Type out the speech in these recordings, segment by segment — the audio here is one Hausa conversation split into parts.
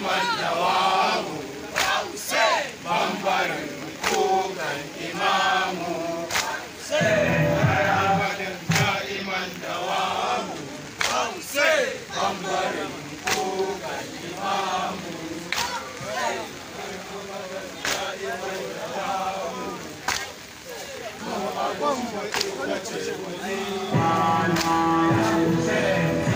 liman nawamu bambarin kukan imamu marhabatin da'iman dawamu bambarin kukan imamu Thank you.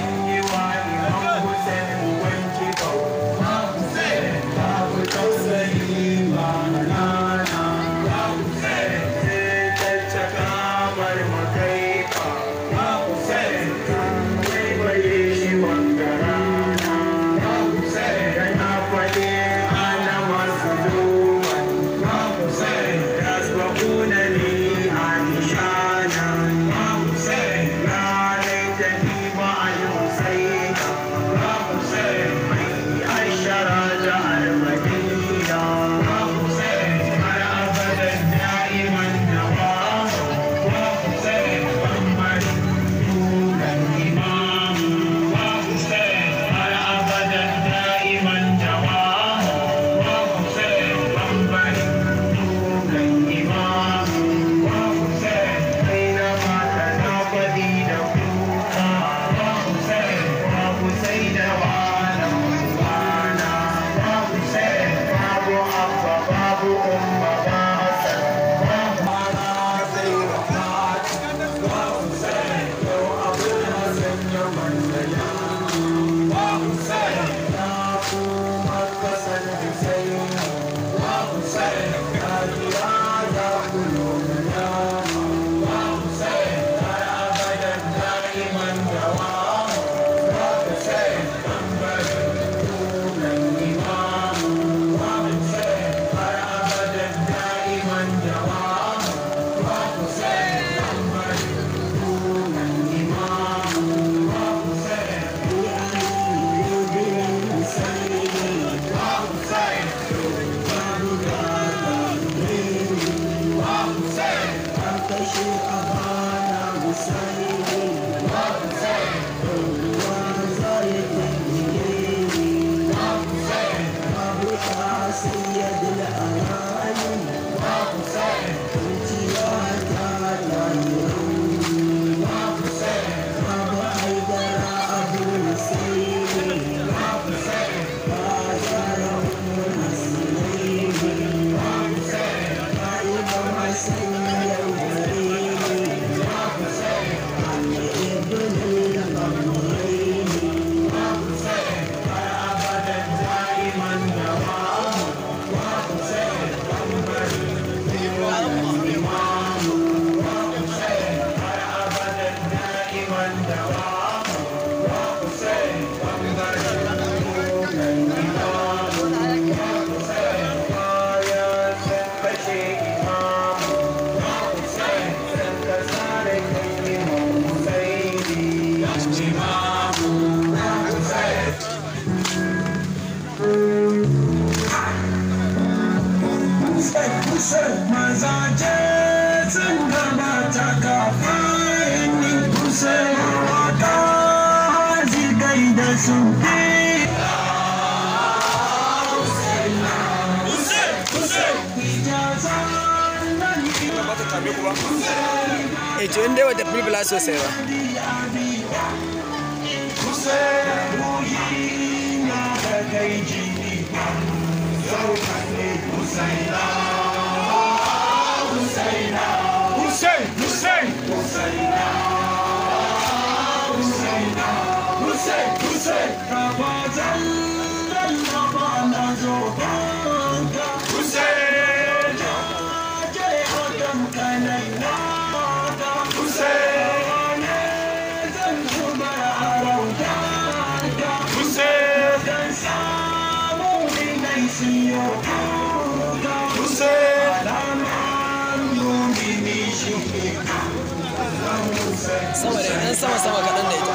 Thank you. me kuma eh to inda wata filfila sosai sama da yan sama sama kaɗan da ita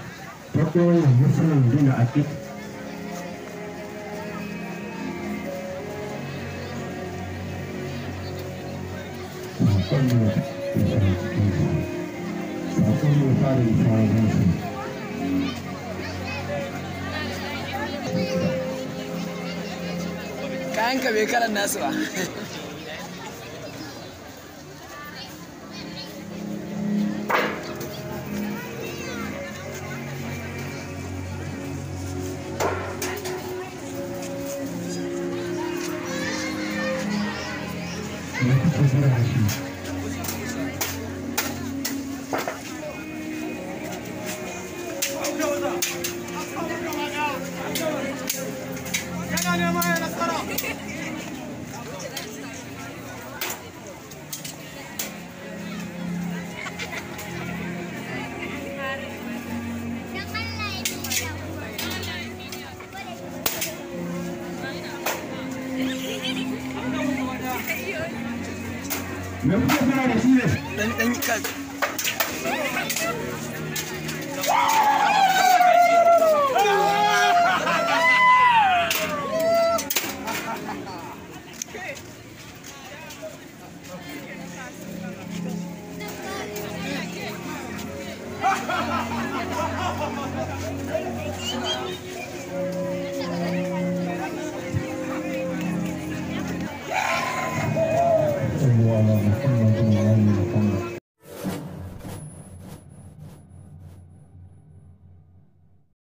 akwai musulun bin aqiq kayan ka bai karan nasu ba Não é que fazer aqui. 能能干。